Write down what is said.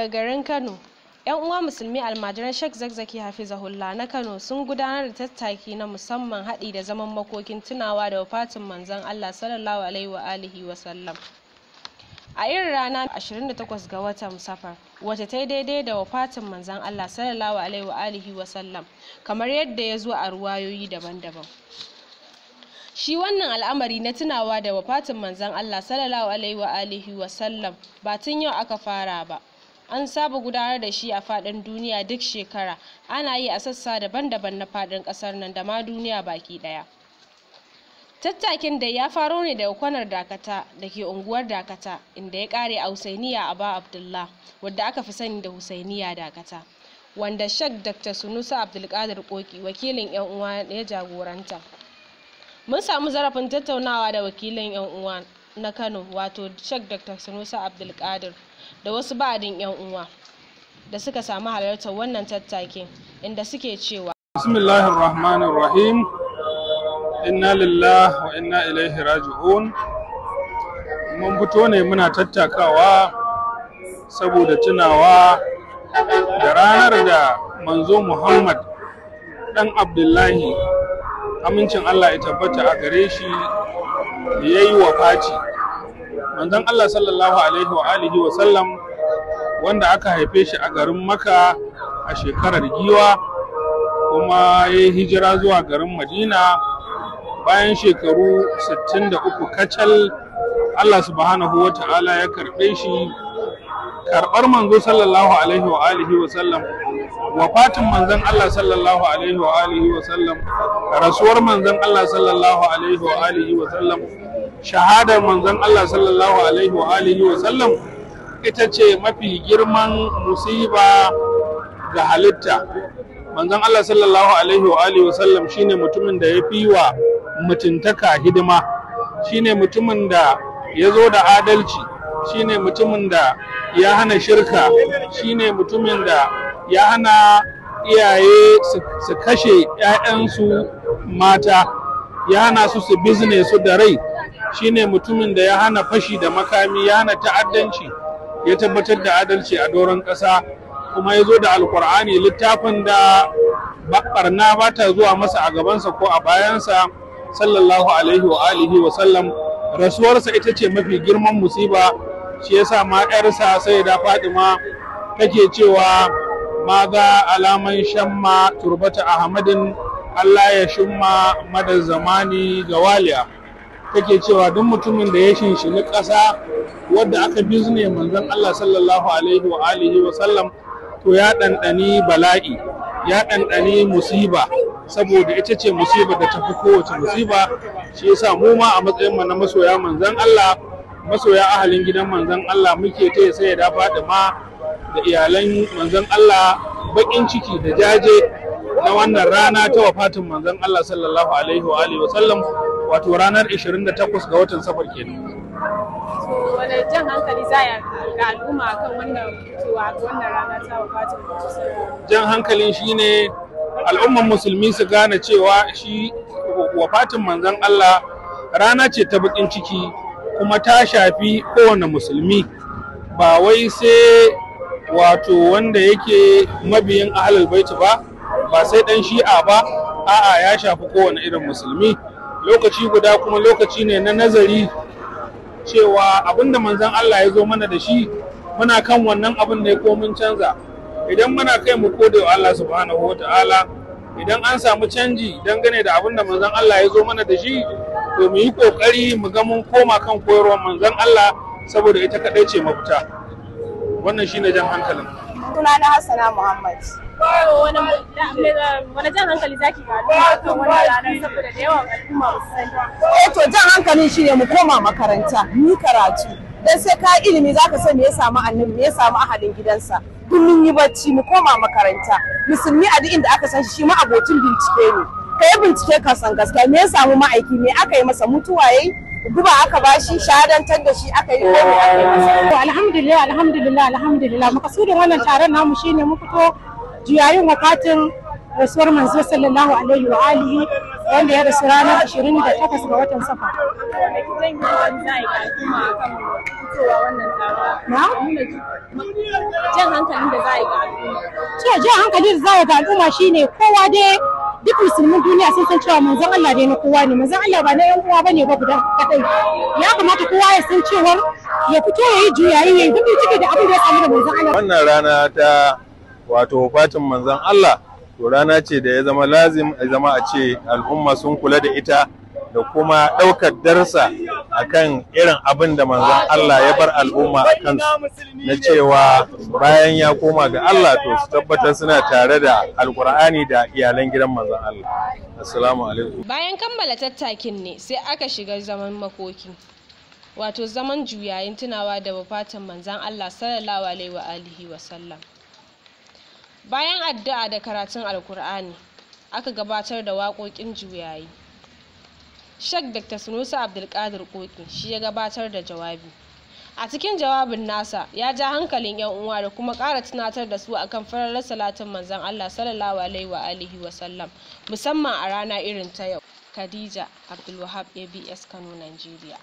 daga garin Kano. 'Yan uwa musulmi almajiran Sheikh Zakzaki Hafizahulla na Kano sun gudanar da tattaki na musamman haɗi da zaman makokin tunawa da wafatin manzon Allah sallallahu alaihi wa alihi wa sallam. a irin rana 28 ga watan safar wata ta daidai da wafatin manzan Allah sallallahu alaihi wa alihi wa sallam kamar yadda ya zo a ruwayoyi daban-daban shi wannan al'amari na tunawa da wafatin manzan Allah sallallahu alaihi wa alihi wa sallam ba tun yau aka fara ba an saba gudanar da shi a faɗin duniya duk shekara ana yi a sassa daban-daban na faɗin ƙasar nan da ma duniya baki ɗaya tattakin da ya faro ne daga kwanar dakata da ke unguwar dakata inda ya kare a husainiya aba abdullah wadda aka fi sani da husainiya dakata wanda shek dr sunusa abdulkadir koki wakilin yan uwa ya jagoranta mun samu zarafin tattaunawa da wakilin yan uwa na kano wato shek dr sunusa abdulkadir da wasu ba'adin 'yan uwa da suka samu halartar wannan tattakin inda suke cewa bismillahir rahmanir rahim inna lillahi wa inna ilaihi raji'un mun fito ne muna tattakawa saboda tunawa da ranar da manzo muhammad dan abdullahi amincin allah ya tabbata a gare shi yayi yi wa faci manzon Allah sallallahu alaihi wa alihi wa sallam wanda aka haife shi a garin maka a shekarar giwa kuma ya yi hijira zuwa garin Madina bayan shekaru 63 kacal Allah subhanahu wa ta'ala ya karɓe shi karɓar manzo sallallahu alaihi wa alihi wa sallam wafatin manzon Allah sallallahu alaihi wa alihi wa sallam rasuwar manzon Allah sallallahu alaihi wa alihi wa sallam shahadar manzon Allah sallallahu alaihi wa alihi wa sallam ita ce mafi girman musiba ga halitta manzon Allah sallallahu alaihi wa alihi wa sallam shine mutumin da ya fi wa mutuntaka hidima shine mutumin da ya zo da adalci shine mutumin da ya hana shirka shine mutumin da ya hana iyaye su kashe 'ya'yansu mata ya hana su su bizne su da rai shine mutumin da ya hana fashi da makami ya hana ta'addanci ya tabbatar da adalci a doron ƙasa kuma ya zo da alkur'ani littafin da barna ba ta zuwa masa a gabansa ko a bayansa sallallahu alaihi wa alihi wa sallam rasuwarsa ita ce mafi girman musiba shi yasa ma ƴarsa sai da fatima take cewa ma za alaman shamma turbata ahmadin allah ya shimma madar zamani ga waliya take cewa duk mutumin da ya shinshini ƙasa wadda aka bizne manzon Allah sallallahu alaihi wa alihi wa sallam to ya ɗanɗani bala'i ya ɗanɗani musiba saboda ita ce musiba da tafi kowace musiba shi yasa mu ma a matsayin mu na masoya manzon Allah masoya ahalin gidan manzon Allah muke ta sai da ma. da iyalan manzon Allah bakin ciki da jaje na wannan rana ta wafatin manzon Allah sallallahu alaihi wa alihi wa sallam wato ranar 28 ga watan safar kenan wane jan hankali za ya ga al'umma kan wannan mutuwa wannan rana ta wafatin jan hankalin ne al'umman musulmi su gane cewa shi wafatin manzon Allah rana ce ta bakin ciki kuma ta shafi kowane musulmi ba wai sai wato wanda yake mabiyin ahlul baiti ba ba sai dan shi'a ba a'a ya shafi kowane irin musulmi lokaci guda kuma lokaci ne na nazari cewa abinda manzan Allah ya zo mana da shi muna kan wannan abin ne ko mun canza idan muna kai mu kodewa Allah subhanahu wa ta'ala idan an samu canji dangane da abinda manzan Allah ya zo mana da shi to mu yi kokari mu ga mun koma kan koyarwar manzan Allah saboda ita kadai ce mafita wannan shine jan hankalin sunana Hassana Muhammad wani jan hankali wani saboda da su eh to jan hankalin shi ne mu koma makaranta ni karatu dan sai ka ilimi zaka san me ya samu annabi me ya samu ahalin gidansa kullum yi bacci mu koma makaranta musulmi a duk inda aka san shi ma abocin bincike ne ka yi bincike ka san gaskiya me ya samu ma'aiki me aka yi masa mutuwa yayi guba aka bashi shahadantar da shi aka yi komai aka yi masa alhamdulillah alhamdulillah alhamdulillah makasudin wannan taron namu shine mu fito juyayin wakatin rasuwar manzo sallallahu alaihi wa alihi wanda ya rasu ranar 28 ga watan safa jan hankali da za a ga al'umma ne, kowa dai duk musulmin duniya sun san cewa manzon Allah dai na kowa ne manzon Allah ba na yan uwa bane ba guda kadai ya kamata kowa ya san cewa ya fito yayi juyayi yayi duk cike da abin da ya samu da manzon Allah wannan rana ta wato wafatin manzan Allah to rana ce da ya zama lazim ya zama a ce al'umma sun kula da ita da kuma ɗaukar darsa akan irin abin da manzan Allah ya bar al'umma a kansu na cewa bayan ya koma ga Allah to su tabbatar suna tare da alkur'ani da iyalan gidan manzan Allah assalamu alaikum bayan kammala tattakin ne sai aka shiga zaman makoki wato zaman juyayin tunawa da wafatin manzan Allah sallallahu alaihi wa alihi wa sallam bayan addu'a da karatun alkur'ani aka gabatar da waƙoƙin juyayi shek dr sunusa abdulkadir koki shi ya gabatar da jawabi a cikin jawabin nasa ya ja hankalin yan uwa da kuma ƙara tunatar da su akan farar salatin manzon allah sallallahu alaihi wa alihi wa sallam musamman a rana irin ta yau khadija abdulwahab abs kano nigeria